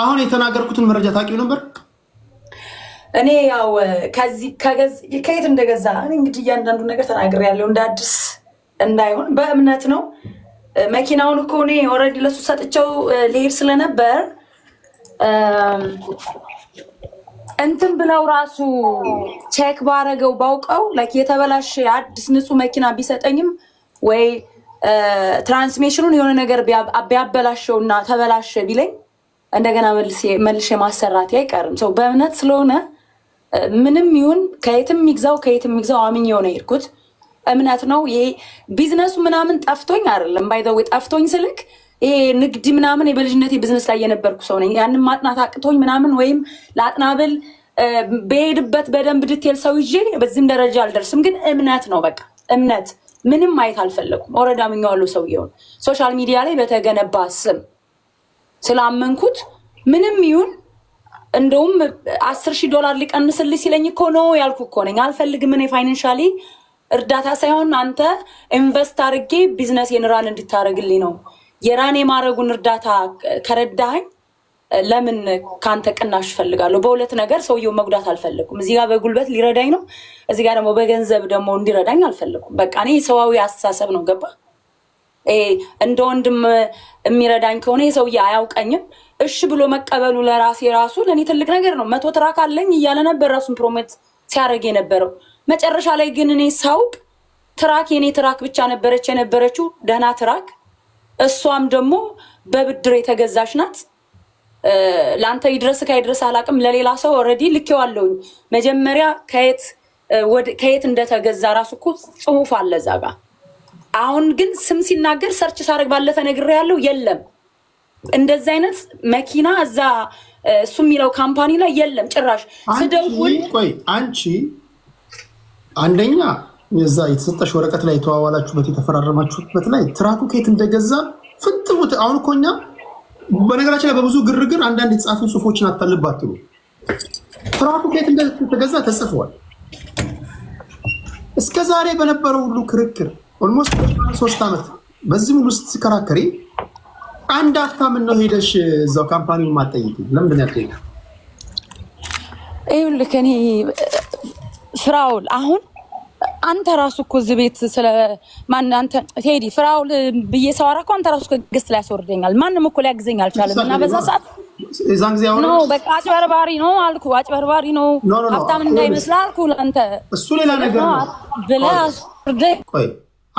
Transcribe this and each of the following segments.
አሁን የተናገርኩትን መረጃ ታውቂው ነበር? እኔ ያው ከየት እንደገዛ እንግዲህ እያንዳንዱ ነገር ተናግሬ ያለው እንደ አዲስ እንዳይሆን በእምነት ነው። መኪናውን እኮ እኔ ኦልሬዲ ለሱ ሰጥቼው ልሄድ ስለነበር እንትን ብለው ራሱ ቼክ ባረገው ባውቀው ላይክ የተበላሸ አዲስ ንጹህ መኪና ቢሰጠኝም ወይ ትራንስሜሽኑን የሆነ ነገር ቢያበላሸው እና ተበላሸ ቢለኝ እንደገና መልሼ የማሰራት አይቀርም። ሰው በእምነት ስለሆነ ምንም ይሁን ከየትም ይግዛው ከየትም ይግዛው አምኜ የሆነ ሄድኩት። እምነት ነው ይሄ። ቢዝነሱ ምናምን ጠፍቶኝ አይደለም። ባይዘዌ ጠፍቶኝ ስልክ ይሄ ንግድ ምናምን የበልጅነት ቢዝነስ ላይ የነበርኩ ሰው ነኝ። ያንን ማጥናት አቅቶኝ ምናምን ወይም ለአጥናብል በሄድበት በደንብ ድቴል ሰው ይዤ በዚህም ደረጃ አልደርስም። ግን እምነት ነው በቃ እምነት ምንም ማየት አልፈለጉም ኦልሬዲ አምኜዋለሁ ሰውየውን ሶሻል ሚዲያ ላይ በተገነባ ስም ስላመንኩት ምንም ይሁን እንደውም አስር ሺህ ዶላር ሊቀንስልህ ሲለኝ እኮ ነው ያልኩ እኮ ነኝ። አልፈልግም እኔ ፋይናንሻሊ እርዳታ ሳይሆን አንተ ኢንቨስት አድርጌ ቢዝነስ የንራን እንድታደርግልኝ ነው። የራን የማድረጉን እርዳታ ከረዳኸኝ ለምን ከአንተ ቅናሽ እፈልጋለሁ? በሁለት ነገር ሰውየው መጉዳት አልፈልጉም። እዚህ ጋር በጉልበት ሊረዳኝ ነው፣ እዚህ ጋር ደግሞ በገንዘብ ደግሞ እንዲረዳኝ አልፈልጉም። በቃ እኔ ሰዋዊ አስተሳሰብ ነው ገባ እንደ ወንድም የሚረዳኝ ከሆነ የሰውዬ አያውቀኝም እሺ ብሎ መቀበሉ ለራሴ ራሱ ለእኔ ትልቅ ነገር ነው። መቶ ትራክ አለኝ እያለ ነበር ራሱን ፕሮሞት ሲያደርግ የነበረው። መጨረሻ ላይ ግን እኔ ሳውቅ ትራክ የእኔ ትራክ ብቻ ነበረች የነበረችው፣ ደህና ትራክ። እሷም ደግሞ በብድር የተገዛች ናት። ለአንተ ይድረስ ካይድረስ አላቅም፣ ለሌላ ሰው ኦልሬዲ ልኬዋለሁኝ። መጀመሪያ ከየት እንደተገዛ ራሱ እኮ ጽሁፍ አለ እዛ ጋር አሁን ግን ስም ሲናገር ሰርች ሳደርግ ባለፈ ነግሬ ያለው የለም እንደዚህ አይነት መኪና እዛ እሱ የሚለው ካምፓኒ ላይ የለም። ጭራሽ ስደውል ቆይ አንቺ አንደኛ የዛ የተሰጠሽ ወረቀት ላይ የተዋዋላችሁበት የተፈራረማችሁበት ላይ ትራኩ ከየት እንደገዛ ፍንጥቡት። አሁን እኮ እኛ በነገራችን ላይ በብዙ ግርግር አንዳንድ የተጻፉ ጽሁፎችን አታልባትሉ። ትራኩ ከየት እንደተገዛ ተጽፏል። እስከ ዛሬ በነበረው ሁሉ ክርክር ኦልሞስት ሶስት ዓመት በዚህ ሙሉ ስትከራከሪ አንድ አፍታ ምን ነው ሄደሽ እዛው ካምፓኒ ማጠይቅ ለምንድን ያልጠይቅ? ይኸውልህ እኔ ፍራውል አሁን አንተ ራሱ እኮ እዚህ ቤት ስለ ማን አንተ ቴዲ ፍራውል ብዬ ሰዋራ እኮ አንተ ራሱ ገስት ላይ ያስወርደኛል። ማንም እኮ ሊያግዘኝ አልቻለም። እና በዛ ሰዓት እዛን ጊዜ አሁን በቃ አጭበርባሪ ነው አልኩ፣ አጭበርባሪ ነው ሀብታም እንዳይመስልህ አልኩ። ለአንተ እሱ ሌላ ነገር ነው ብለህ አስወርደኝ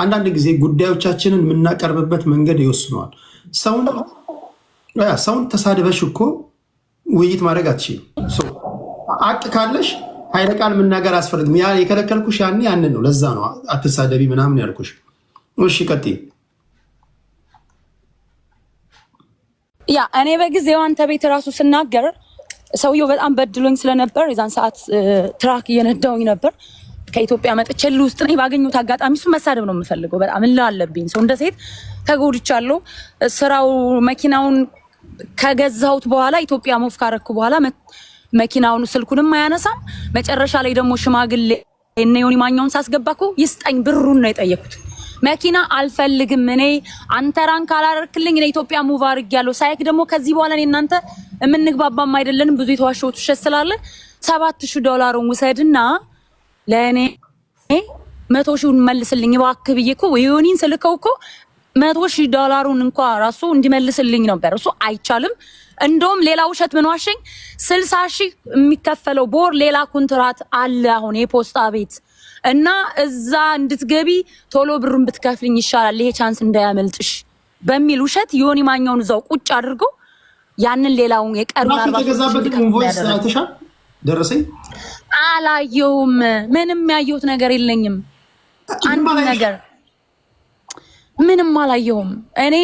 አንዳንድ ጊዜ ጉዳዮቻችንን የምናቀርብበት መንገድ ይወስነዋል። ሰውን ተሳድበሽ እኮ ውይይት ማድረግ አትችልም። አቅ ካለሽ ኃይለ ቃል መናገር አስፈልግም። ያ የከለከልኩሽ ያኔ ያንን ነው። ለዛ ነው አትሳደቢ ምናምን ያልኩሽ። እሺ ቀጥይ። ያ እኔ በጊዜው አንተ ቤት ራሱ ስናገር ሰውየው በጣም በድሎኝ ስለነበር የዛን ሰዓት ትራክ እየነዳውኝ ነበር ከኢትዮጵያ መጥቼ እልህ ውስጥ ነኝ። ባገኙት አጋጣሚ እሱ መሳደብ ነው የምፈልገው። በጣም እልህ አለብኝ። ሰው እንደ ሴት ተጎድቻለሁ። ስራው መኪናውን ከገዛሁት በኋላ ኢትዮጵያ ሞፍ ካረኩ በኋላ መኪናውን ስልኩንም አያነሳም። መጨረሻ ላይ ደግሞ ሽማግሌ እነ ዮኒ ማኛውን ሳስገባኩ ይስጠኝ ብሩን ነው የጠየኩት። መኪና አልፈልግም እኔ አንተ ራን ካላረክልኝ እኔ ኢትዮጵያ ሙቭ አድርጌያለሁ። ሳይክ ደግሞ ከዚህ በኋላ እኔ እናንተ የምንግባባም አይደለንም ብዙ የተዋሸሁት ውሸት ስላለ ሰባት ሺህ ዶላሩን ውሰድና ለእኔ መቶ ሺውን መልስልኝ እባክህ ብዬ እኮ ወዮኒን ስልከው እኮ መቶ ሺህ ዶላሩን እንኳ ራሱ እንዲመልስልኝ ነበር። እሱ አይቻልም። እንደውም ሌላ ውሸት ምን ዋሸኝ፣ ስልሳ ሺህ የሚከፈለው ቦር ሌላ ኮንትራት አለ አሁን የፖስታ ቤት እና እዛ እንድትገቢ ቶሎ ብሩን ብትከፍልኝ ይሻላል፣ ይሄ ቻንስ እንዳያመልጥሽ በሚል ውሸት ዮኒ ማኛውን እዛው ቁጭ አድርጎ ያንን ሌላውን የቀሩ ደረሰኝ አላየውም። ምንም ያየሁት ነገር የለኝም። አንድ ነገር ምንም አላየውም። እኔ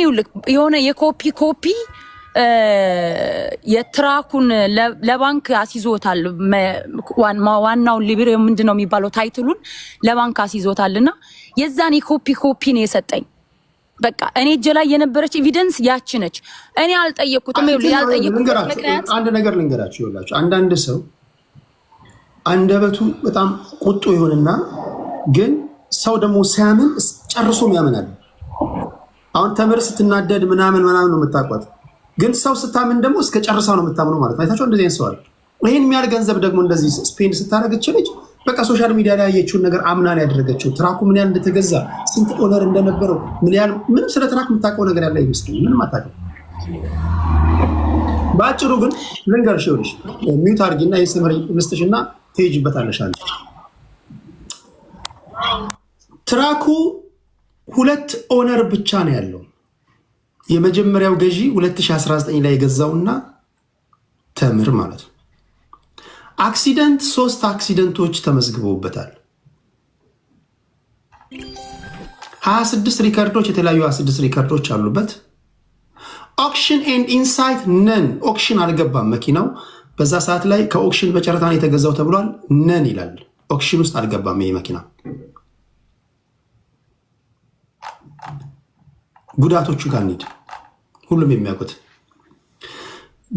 የሆነ የኮፒ ኮፒ የትራኩን ለባንክ አስይዞታል። ዋናውን ሊብሬ ምንድን ነው የሚባለው ታይትሉን ለባንክ አስይዞታል። እና የዛን የኮፒ ኮፒ ነው የሰጠኝ። በቃ እኔ እጄ ላይ የነበረች ኤቪደንስ ያች ነች። እኔ አልጠየቅኩትም። ያልጠየቅኩት አንድ ነገር ልንገራችሁ። ይኸውላችሁ አንዳንድ ሰው አንደበቱ በጣም ቁጡ ይሆንና ግን ሰው ደግሞ ሲያምን ጨርሶም ያምናል። አሁን ተምር ስትናደድ ምናምን ምናምን ነው የምታቋት፣ ግን ሰው ስታምን ደግሞ እስከ ጨርሳ ነው የምታምኑ ማለት ነው። አይታቸው እንደዚህ ሰዋል። ይህን የሚያህል ገንዘብ ደግሞ እንደዚህ ስፔንድ ስታደረግ ችልጅ በቃ ሶሻል ሚዲያ ላይ ያየችውን ነገር አምና ላይ ያደረገችው ትራኩ ምን ያህል እንደተገዛ ስንት ኦነር እንደነበረው ምን ያህል ምንም ስለ ትራክ የምታውቀው ነገር ያለ ይመስለኝ ምንም አታውቅም። በአጭሩ ግን ልንገርሽ ይኸውልሽ ሚዩት አድርጊና የስምር ልስጥሽ እና ትሄጂበታለሽ ትራኩ ሁለት ኦነር ብቻ ነው ያለው። የመጀመሪያው ገዢ 2019 ላይ የገዛውና ተምር ማለት ነው። አክሲደንት ሶስት አክሲደንቶች ተመዝግበውበታል። 26 ሪከርዶች የተለያዩ 26 ሪከርዶች አሉበት። ኦክሽን ኤንድ ኢንሳይት ነን ኦክሽን አልገባም መኪናው በዛ ሰዓት ላይ ከኦክሽን በጨረታ ነው የተገዛው ተብሏል። ነን ይላል። ኦክሽን ውስጥ አልገባም ይህ መኪና። ጉዳቶቹ ጋር እንሂድ። ሁሉም የሚያውቁት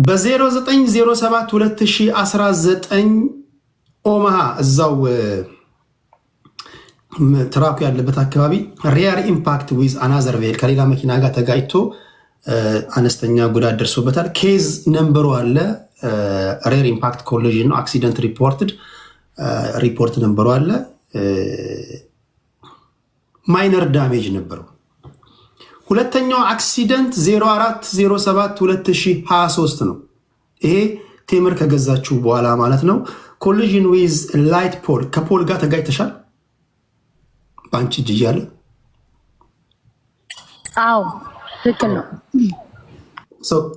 በ0907 2019 ኦማሃ እዛው ትራኩ ያለበት አካባቢ ሪያር ኢምፓክት ዊዝ አናዘር ቬል ከሌላ መኪና ጋር ተጋጭቶ አነስተኛ ጉዳት ደርሶበታል። ኬዝ ነንበሩ አለ ሬር ኢምፓክት ኮሊዥን ነው። አክሲደንት ሪፖርትድ ሪፖርት ነበሩ አለ ማይነር ዳሜጅ ነበረው። ሁለተኛው አክሲደንት 04072023 ነው። ይሄ ቴምር ከገዛችሁ በኋላ ማለት ነው። ኮሊዥን ዊዝ ላይት ፖል ከፖል ጋር ተጋጭተሻል። በአንቺ እጅ እያለ አዎ፣ ነው።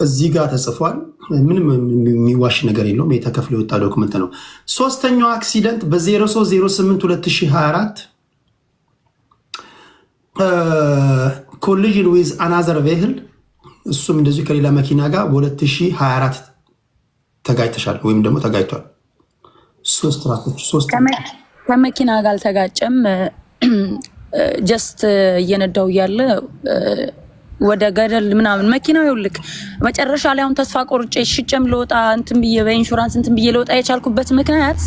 እዚህ ጋር ተጽፏል። ምንም የሚዋሽ ነገር የለውም። የተከፍሎ የወጣ ዶክመንት ነው። ሶስተኛው አክሲደንት በ03082024 ኮሊዥን ዊዝ አናዘር ቬህል እሱም እንደዚሁ ከሌላ መኪና ጋር በ2024 ተጋጭተሻል ወይም ደግሞ ተጋጭቷል። ሶስት ከመኪና ጋር አልተጋጨም። ጀስት እየነዳው እያለ ወደ ገደል ምናምን መኪናው ይውልቅ መጨረሻ ላይ አሁን ተስፋ ቆርጬ ሽጨም ልወጣ እንትን ብዬ በኢንሹራንስ እንትን ብዬ ልወጣ የቻልኩበት ምክንያት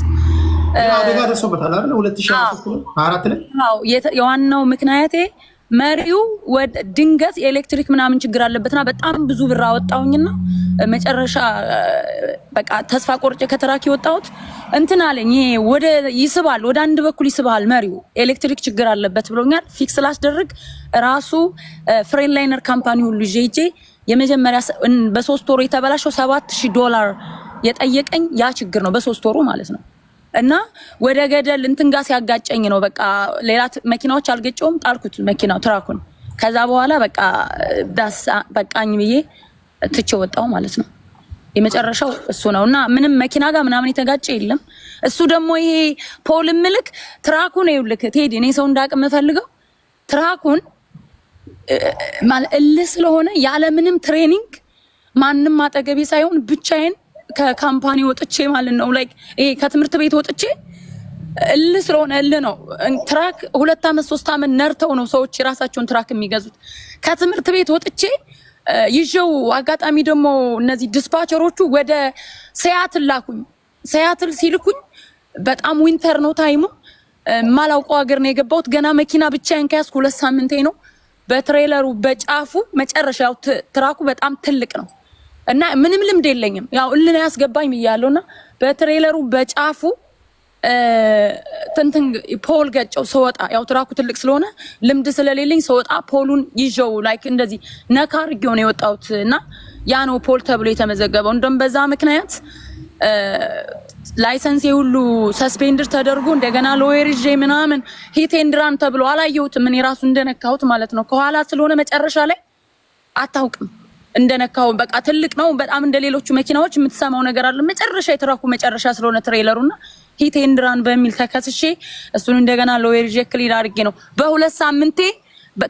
የዋናው ምክንያቴ መሪው ድንገት የኤሌክትሪክ ምናምን ችግር አለበትና በጣም ብዙ ብር አወጣሁኝና መጨረሻ በቃ ተስፋ ቆርጬ ከተራኪ ወጣሁት። እንትን አለኝ ይሄ ወደ ይስባል፣ ወደ አንድ በኩል ይስባል። መሪው ኤሌክትሪክ ችግር አለበት ብሎኛል። ፊክስ ላስደርግ ራሱ ፍሬን ላይነር ካምፓኒ ሁሉ ይዤ የመጀመሪያ በሶስት ወሩ የተበላሸው ሰባት ሺህ ዶላር የጠየቀኝ ያ ችግር ነው፣ በሶስት ወሩ ማለት ነው። እና ወደ ገደል እንትን ጋር ሲያጋጨኝ ነው በቃ ሌላ መኪናዎች አልገጨውም፣ ጣልኩት መኪናው ትራኩን። ከዛ በኋላ በቃ ዳስ በቃኝ ብዬ ትቼ ወጣው ማለት ነው። የመጨረሻው እሱ ነው እና ምንም መኪና ጋር ምናምን የተጋጨ የለም። እሱ ደግሞ ይሄ ፖል ምልክ ትራኩን ይውልክ ቴዲ፣ እኔ ሰው እንዳቅ የምፈልገው ትራኩን ማለት እልህ ስለሆነ ያለምንም ትሬኒንግ ማንም አጠገቤ ሳይሆን ብቻዬን ከካምፓኒ ወጥቼ ማለት ነው ላይክ ይሄ ከትምህርት ቤት ወጥቼ እል ስለሆነ እል ነው። ትራክ ሁለት አመት ሶስት አመት ነርተው ነው ሰዎች የራሳቸውን ትራክ የሚገዙት። ከትምህርት ቤት ወጥቼ ይዤው አጋጣሚ ደግሞ እነዚህ ዲስፓቸሮቹ ወደ ሰያትል ላኩኝ። ሰያትል ሲልኩኝ በጣም ዊንተር ነው ታይሙ። ማላውቀው ሀገር ነው የገባሁት። ገና መኪና ብቻዬን ከያዝኩ ሁለት ሳምንቴ ነው። በትሬለሩ በጫፉ መጨረሻው ትራኩ በጣም ትልቅ ነው። እና ምንም ልምድ የለኝም። ያው እልና ያስገባኝ ብያለሁና በትሬለሩ በጫፉ ትንትን ፖል ገጨው ስወጣ ያው ትራኩ ትልቅ ስለሆነ ልምድ ስለሌለኝ ስወጣ ፖሉን ይዤው ላይክ እንደዚህ ነካ አድርጌው ነው የወጣሁት እና ያ ነው ፖል ተብሎ የተመዘገበው። እንደም በዛ ምክንያት ላይሰንስ የሁሉ ሰስፔንድር ተደርጎ እንደገና ሎየር ይዤ ምናምን ሂት ተብሎ አላየሁትም። እኔ ራሱ እንደነካሁት ማለት ነው ከኋላ ስለሆነ መጨረሻ ላይ አታውቅም እንደነካው በቃ ትልቅ ነው በጣም እንደ ሌሎቹ መኪናዎች የምትሰማው ነገር አለ። መጨረሻ የትራኩ መጨረሻ ስለሆነ ትሬለሩና ሂት ኤንድ በሚል ተከስሼ እሱን እንደገና ሎየር ጀክሊን አድርጌ ነው በሁለት ሳምንቴ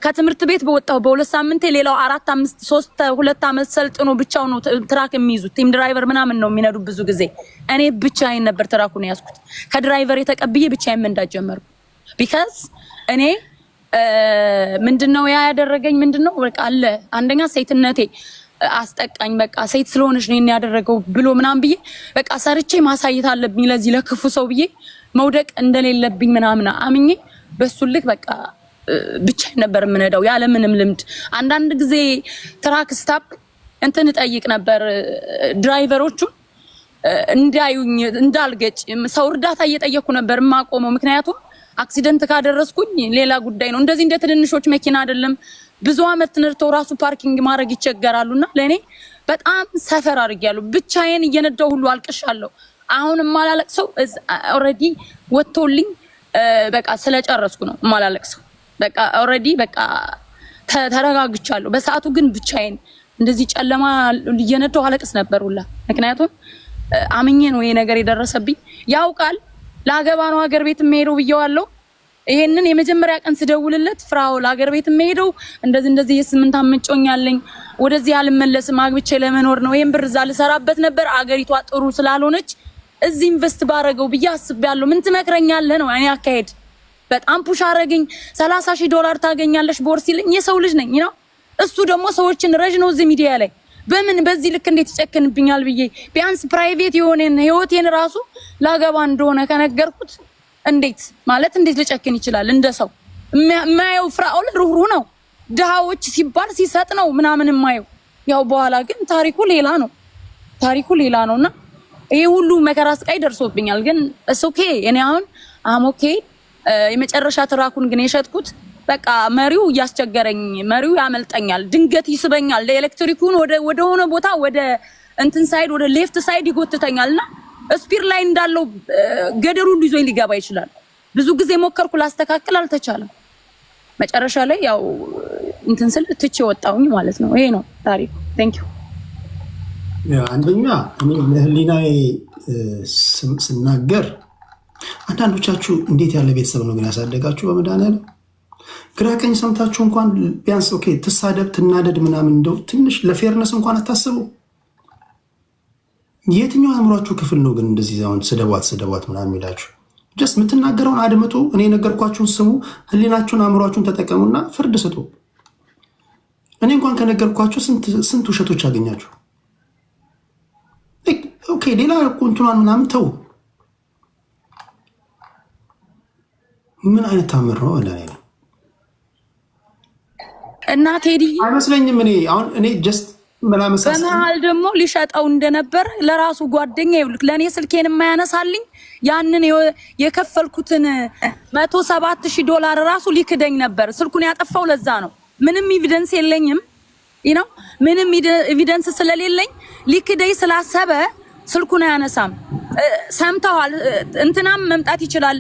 ከትምህርት ቤት በወጣሁ በሁለት ሳምንቴ ሌላው አራት አምስት ሶስት ሁለት አመት ሰልጥኖ ብቻው ነው ትራክ የሚይዙት። ቲም ድራይቨር ምናምን ነው የሚነዱ ብዙ ጊዜ። እኔ ብቻዬን ነበር ትራኩን ያዝኩት። ከድራይቨር የተቀብዬ ብቻዬን መንዳት ጀመርኩ ቢካዝ እኔ ምንድነው ያ ያደረገኝ ምንድነው በቃ አለ አንደኛ ሴትነቴ አስጠቃኝ በቃ ሴት ስለሆነች ነው ያደረገው ብሎ ምናምን ብዬ በቃ ሰርቼ ማሳየት አለብኝ ለዚህ ለክፉ ሰው ብዬ መውደቅ እንደሌለብኝ ምናምን አምኜ በሱ ልክ በቃ ብቻ ነበር የምንሄደው ያለምንም ልምድ። አንዳንድ ጊዜ ትራክ ስታፕ እንትን እጠይቅ ነበር ድራይቨሮቹን እንዳዩኝ እንዳልገጭ ሰው እርዳታ እየጠየኩ ነበር የማቆመው ምክንያቱም አክሲደንት ካደረስኩኝ ሌላ ጉዳይ ነው። እንደዚህ እንደ ትንንሾች መኪና አይደለም። ብዙ አመት ነድተው ራሱ ፓርኪንግ ማድረግ ይቸገራሉና ለእኔ በጣም ሰፈር አድርጌያለሁ። ብቻዬን እየነዳው ሁሉ አልቅሻለሁ። አሁን የማላለቅሰው ኦልሬዲ ወጥቶልኝ በቃ ስለጨረስኩ ነው የማላለቅሰው። በቃ ኦልሬዲ በቃ ተረጋግቻለሁ። በሰዓቱ ግን ብቻዬን እንደዚህ ጨለማ እየነዳው አለቅስ ነበር ሁላ። ምክንያቱም አምኜ ነው ይሄ ነገር የደረሰብኝ ያውቃል ለአገባ ነው ሀገር ቤት የምሄደው ብየዋለሁ። ይሄንን የመጀመሪያ ቀን ስደውልለት ፍራው ለሀገር ቤት የምሄደው እንደዚህ እንደዚህ የስምንት አመጮኛለኝ ወደዚህ አልመለስም አግብቼ ለመኖር ነው። ይሄን ብር እዛ ልሰራበት ነበር አገሪቷ ጥሩ ስላልሆነች እዚህ ኢንቨስት ባረገው ብዬ አስቤያለሁ። ምን ትመክረኛለህ ነው እኔ አካሄድ። በጣም ፑሽ አረገኝ። ሰላሳ ሺህ ዶላር ታገኛለሽ ቦርስ ይለኝ። የሰው ልጅ ነኝ ነው። እሱ ደግሞ ሰዎችን ረጅ ነው እዚህ ሚዲያ ላይ በምን በዚህ ልክ እንዴት ይጨክንብኛል ብዬ ቢያንስ ፕራይቬት የሆነ ህይወቴን ራሱ ላገባ እንደሆነ ከነገርኩት እንዴት ማለት እንዴት ልጨክን ይችላል? እንደ ሰው የማየው ፍራኦል ሩህሩህ ነው። ድሃዎች ሲባል ሲሰጥ ነው ምናምን የማየው ያው በኋላ ግን ታሪኩ ሌላ ነው። ታሪኩ ሌላ ነውና ይህ ሁሉ መከራ ስቃይ ደርሶብኛል። ግን እሱ እኔ አሁን አሞኬ የመጨረሻ ትራኩን ግን የሸጥኩት በቃ መሪው እያስቸገረኝ መሪው ያመልጠኛል፣ ድንገት ይስበኛል፣ ለኤሌክትሪኩን ወደ ሆነ ቦታ ወደ እንትን ሳይድ ወደ ሌፍት ሳይድ ይጎትተኛል እና ስፒር ላይ እንዳለው ገደሩ ሁሉ ይዞኝ ሊገባ ይችላል። ብዙ ጊዜ ሞከርኩ፣ ላስተካክል አልተቻለም። መጨረሻ ላይ ያው እንትን ስል ትቼ ወጣሁኝ ማለት ነው። ይሄ ነው ታሪኩ። ቴንክ ዩ። አንደኛ ለህሊናዬ ስናገር አንዳንዶቻችሁ እንዴት ያለ ቤተሰብ ነው ግን ያሳደጋችሁ በመድኃኒዓለም ግራ ቀኝ ሰምታችሁ እንኳን ቢያንስ ኦኬ ትሳደብ ትናደድ ምናምን እንደው ትንሽ ለፌርነስ እንኳን አታስቡ። የትኛው አእምሯችሁ ክፍል ነው ግን እንደዚህ ሁን ስደቧት ስደቧት ምናምን የሚላችሁ? ጀስት የምትናገረውን አድምጡ። እኔ የነገርኳችሁን ስሙ። ህሊናችሁን አእምሯችሁን ተጠቀሙና ፍርድ ስጡ። እኔ እንኳን ከነገርኳችሁ ስንት ውሸቶች አገኛችሁ። ኦኬ ሌላ ቁንትኗን ምናምን ተው። ምን አይነት ታምር ነው ለኔ እና ቴዲ አይመስለኝም። እኔ አሁን እኔ ጀስት በመሀል ደግሞ ሊሸጠው እንደነበር ለራሱ ጓደኛ ይብልክ ለእኔ ስልኬን የማያነሳልኝ ያንን የከፈልኩትን መቶ ሰባት ሺህ ዶላር ራሱ ሊክደኝ ነበር። ስልኩን ያጠፋው ለዛ ነው። ምንም ኤቪደንስ የለኝም ነው ምንም ኢቪደንስ ስለሌለኝ ሊክደኝ ስላሰበ ስልኩን አያነሳም። ሰምተዋል። እንትናም መምጣት ይችላል።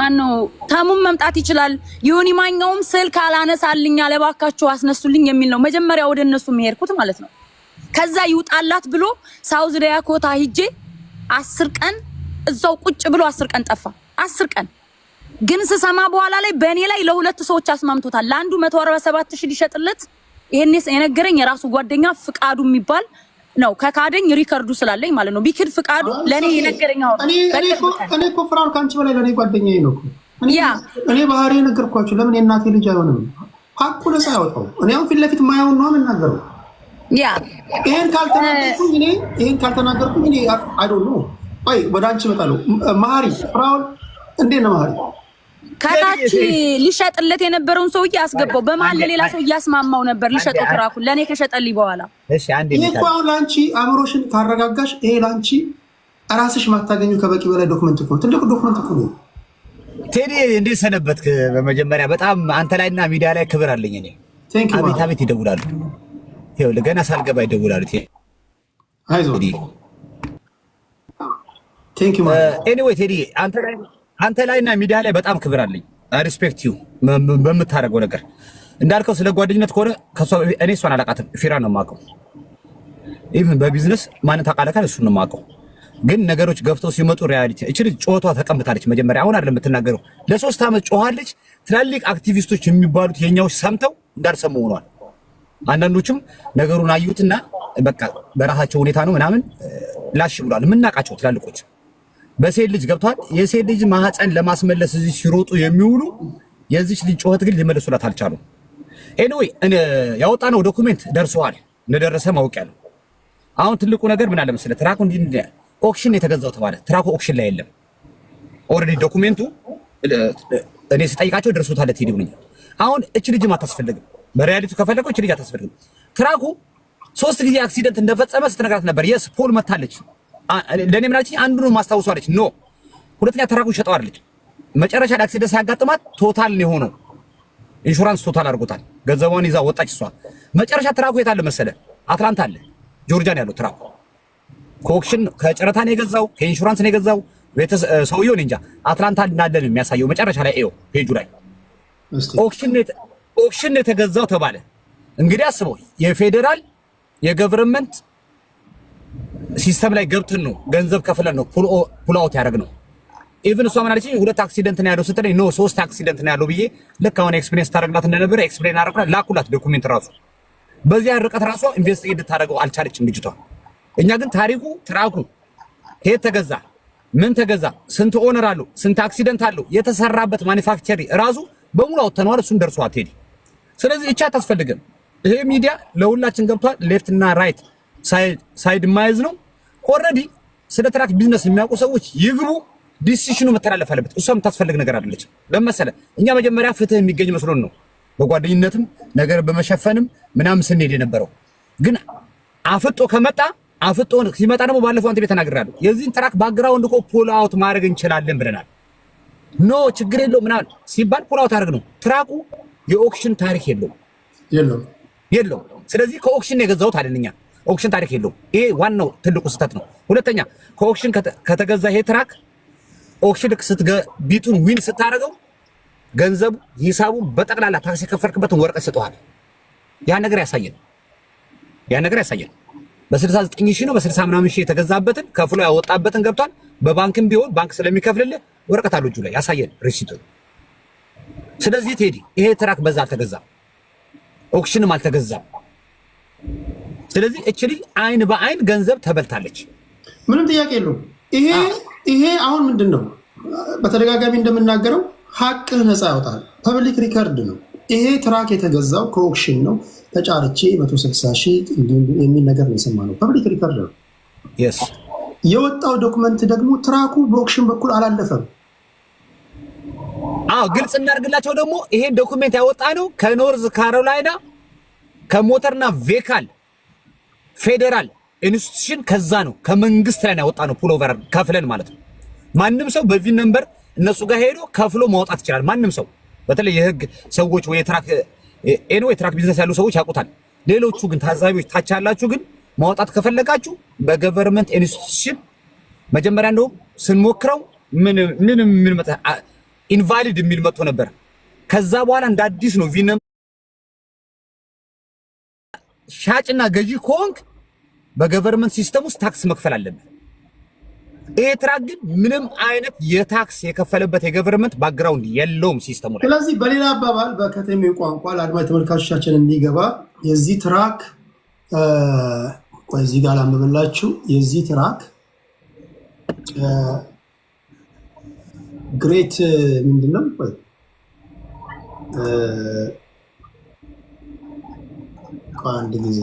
ማነው ተሙም መምጣት ይችላል። ዮኒ ማኛውም ስልክ አላነሳልኝ አለባካችሁ አስነሱልኝ የሚል ነው። መጀመሪያ ወደ እነሱ የሚሄድኩት ማለት ነው። ከዛ ይውጣላት ብሎ ሳውዝ ዳኮታ ሂጄ አስር ቀን እዛው ቁጭ ብሎ አስር ቀን ጠፋ። አስር ቀን ግን ስሰማ በኋላ ላይ በእኔ ላይ ለሁለት ሰዎች አስማምቶታል። ለአንዱ ሰባት ሺህ ሊሸጥለት ይሄን የነገረኝ የራሱ ጓደኛ ፍቃዱ የሚባል ነው ከካደኝ ሪከርዱ ስላለኝ ማለት ነው። ቢክድ ፍቃዱ ለእኔ የነገረኝ እኔ እኮ ፍራኦል ከአንቺ በላይ ለእኔ ጓደኛ ነው። እኔ ባህሪ የነገርኳቸው ለምን የእናቴ ልጅ አይሆንም? ሀቁ ነፃ ያወጣው እኔ አሁን ፊት ለፊት ማየውን ነው የምናገረው። ያ ይሄን ካልተናገርኩኝ እኔ ይሄን ካልተናገርኩኝ እኔ አይዶ ነው ወይ ወደ አንቺ እመጣለሁ። መሀሪ ፍራኦል እንዴት ነው መሀሪ ከታች ሊሸጥለት የነበረውን ሰውዬ አስገባው። በመሀል ለሌላ ሰው እያስማማው ነበር። ሊሸጠው ትራኩን ለእኔ ከሸጠልኝ በኋላ ይህ እኮ አሁን ለአንቺ አእምሮሽን ታረጋጋሽ። ይሄ ለአንቺ ራስሽ ማታገኙ ከበቂ በላይ ዶክመንት እኮ ነው። ትልቅ ዶክመንት እኮ ነው። ቴዲ እንዴት ሰነበትክ? በመጀመሪያ በጣም አንተ ላይና ሚዲያ ላይ ክብር አለኝ እኔ። አቤት አቤት ይደውላሉ። ይኸውልህ ገና ሳልገባ ይደውላሉ። አይዞህ ቴንኪው። ቴዲ አንተ ላይ አንተ ላይና ሚዲያ ላይ በጣም ክብር አለኝ። ሪስፔክት ዩ በምታደርገው ነገር እንዳልከው ስለ ጓደኝነት ከሆነ እኔ እሷን አላቃትም። ፊራ ነው የማውቀው። ኢቭን በቢዝነስ ማንን ታውቃለህ? እሱን ነው የማውቀው። ግን ነገሮች ገፍተው ሲመጡ ሪያሊቲ እች ልጅ ጮቷ ተቀምጣለች። መጀመሪያ አሁን አይደለም የምትናገረው፣ ለሶስት ዓመት ጮኋለች። ትላልቅ አክቲቪስቶች የሚባሉት የኛዎች ሰምተው እንዳልሰሙ ሆኗል። አንዳንዶችም ነገሩን አዩትና በቃ በራሳቸው ሁኔታ ነው ምናምን ላሽ ብሏል። የምናውቃቸው ትላልቆች በሴት ልጅ ገብቷል። የሴት ልጅ ማህፀን ለማስመለስ እዚህ ሲሮጡ የሚውሉ የዚች ልጅ ጩኸት ግን ሊመልሱላት አልቻሉም። ኤኒዌይ ያወጣነው ዶኩሜንት ደርሰዋል። እንደደረሰ ማውቂያለሁ። አሁን ትልቁ ነገር ምን አለ መሰለህ፣ ትራኩ ኦክሽን የተገዛው ተባለ። ትራኩ ኦክሽን ላይ የለም። ኦልሬዲ ዶኩሜንቱ እኔ ስጠይቃቸው ደርሶታል። ቴዲ ብሎኛል። አሁን እች ልጅም አታስፈልግም። በሪያሊቱ ከፈለገው እች ልጅ አታስፈልግም። ትራኩ ሶስት ጊዜ አክሲደንት እንደፈጸመ ስትነግራት ነበር። የስ ፖል መታለች ለእኔ ምናለች አንዱ ነው ማስታውሱ አለች። ኖ ሁለተኛ ተራኩ ሸጠው አለች። መጨረሻ ላይ አክሲደንት ሲያጋጥማት ቶታል ነው የሆነው። ኢንሹራንስ ቶታል አድርጎታል። ገንዘቧን ይዛ ወጣች እሷ። መጨረሻ ትራኩ የት አለ መሰለ? አትላንታ አለ፣ ጆርጂያ ነው ያለው ትራኩ። ከኦክሽን ከጨረታ ነው የገዛው፣ ከኢንሹራንስ ነው የገዛው ሰውየው እንጃ። አትላንታ እንዳለን የሚያሳየው መጨረሻ ላይ ይኸው ፔጁ ላይ ኦክሽን ነው የተገዛው ተባለ። እንግዲህ አስበው የፌዴራል የገቨርንመንት ሲስተም ላይ ገብተን ነው ገንዘብ ከፍለን ነው ፑል አውት ያደረግነው። ኢቭን እሷ ምን አለች? ሁለት አክሲደንት ነው ያለው ስትለኝ ኖ ሶስት አክሲደንት ነው ያለው ብዬ ልክ አሁን ኤክስፒሪየንስ ታደርግላት እንደነበረ ኤክስፕሌን አደረግላት፣ ላኩላት ዶኩሜንት ራሱ። በዚያ ርቀት ራሷ ኢንቨስቲጌት ልታደርገው አልቻለችም ልጅቷ። እኛ ግን ታሪኩ ትራኩ ሄድ ተገዛ፣ ምን ተገዛ፣ ስንት ኦነር አለው፣ ስንት አክሲደንት አለው፣ የተሰራበት ማኒፋክቸሪ ራሱ በሙሉ አውጥተነዋል። እሱን ደርሷ አትሄድ። ስለዚህ እቻ አታስፈልግም። ይሄ ሚዲያ ለሁላችን ገብቷል፣ ሌፍትና ራይት ሳይድ ማይዝ ነው። ኦልሬዲ ስለ ትራክ ቢዝነስ የሚያውቁ ሰዎች ይግቡ። ዲሲሽኑ መተላለፍ አለበት። እሷ የምታስፈልግ ነገር አይደለችም። ለመሰለ እኛ መጀመሪያ ፍትህ የሚገኝ መስሎን ነው በጓደኝነትም ነገር በመሸፈንም ምናምን ስንሄድ የነበረው ግን አፍጦ ከመጣ አፍጦ ሲመጣ ደግሞ ባለፈው አንተ ቤት ተናግራለሁ። የዚህን ትራክ ባግራውንድ እኮ ፑል አውት ማድረግ እንችላለን ብለናል። ኖ ችግር የለው ምናምን ሲባል ፑል አውት አድርግ ነው። ትራኩ የኦክሽን ታሪክ የለው የለው። ስለዚህ ከኦክሽን የገዛሁት እኛ ኦክሽን ታሪክ የለውም። ይሄ ዋናው ትልቁ ስህተት ነው። ሁለተኛ ከኦክሽን ከተገዛ ይሄ ትራክ ኦክሽን ልክ ቢጡን ዊን ስታደርገው ገንዘቡ ሂሳቡ በጠቅላላ ታክስ የከፈልክበትን ወረቀት ይሰጠዋል። ያ ነገር ያሳየን ያ ነገር ያሳየን በ69 ሺህ ነው በ60 ምናምን ሺህ የተገዛበትን ከፍሎ ያወጣበትን ገብቷል። በባንክም ቢሆን ባንክ ስለሚከፍልልህ ወረቀት አሉ እጁ ላይ ያሳየን ሪሲቱ። ስለዚህ ቴዲ ይሄ ትራክ በዛ አልተገዛም፣ ኦክሽንም አልተገዛም። ስለዚህ እች ልጅ አይን በአይን ገንዘብ ተበልታለች። ምንም ጥያቄ የለው ይሄ ይሄ አሁን ምንድን ነው በተደጋጋሚ እንደምናገረው ሀቅህ ነፃ ያወጣል። ፐብሊክ ሪከርድ ነው። ይሄ ትራክ የተገዛው ከኦክሽን ነው። ተጫርቼ 160 የሚል ነገር ነው የሰማነው። ፐብሊክ ሪከርድ ነው። የወጣው ዶክመንት ደግሞ ትራኩ በኦክሽን በኩል አላለፈም። አዎ ግልጽ እናደርግላቸው ደግሞ ይሄን ዶክሜንት ያወጣ ነው ከኖርዝ ካሮላይና ከሞተርና ቬካል ፌዴራል ኢንስቲትዩሽን ከዛ ነው ከመንግስት ላይ ያወጣ ነው ፑሎቨር ከፍለን ማለት ነው። ማንም ሰው በቪን ነምበር እነሱ ጋር ሄዶ ከፍሎ ማውጣት ይችላል። ማንም ሰው በተለይ የህግ ሰዎች ወይ የትራክ ኤኖ የትራክ ቢዝነስ ያሉ ሰዎች ያውቁታል። ሌሎቹ ግን ታዛቢዎች ታች ያላችሁ ግን ማውጣት ከፈለጋችሁ በገቨርንመንት ኢንስቲትዩሽን መጀመሪያ እንደውም ስንሞክረው ምን ምን ምን መጣ ኢንቫሊድ የሚል መጥቶ ነበር። ከዛ በኋላ እንደ አዲስ ነው ቪን ሻጭና ገዢ ከሆንክ በገቨርንመንት ሲስተም ውስጥ ታክስ መክፈል አለብን። ኤርትራ ግን ምንም አይነት የታክስ የከፈለበት የገቨርንመንት ባክግራውንድ የለውም ሲስተሙ ላይ። ስለዚህ በሌላ አባባል በከተሜ ቋንቋ ለአድማ ተመልካቾቻችን እንዲገባ የዚህ ትራክ እዚህ ጋር ላንብብላችሁ። የዚህ ትራክ ግሬት ምንድነው? ነው አንድ ጊዜ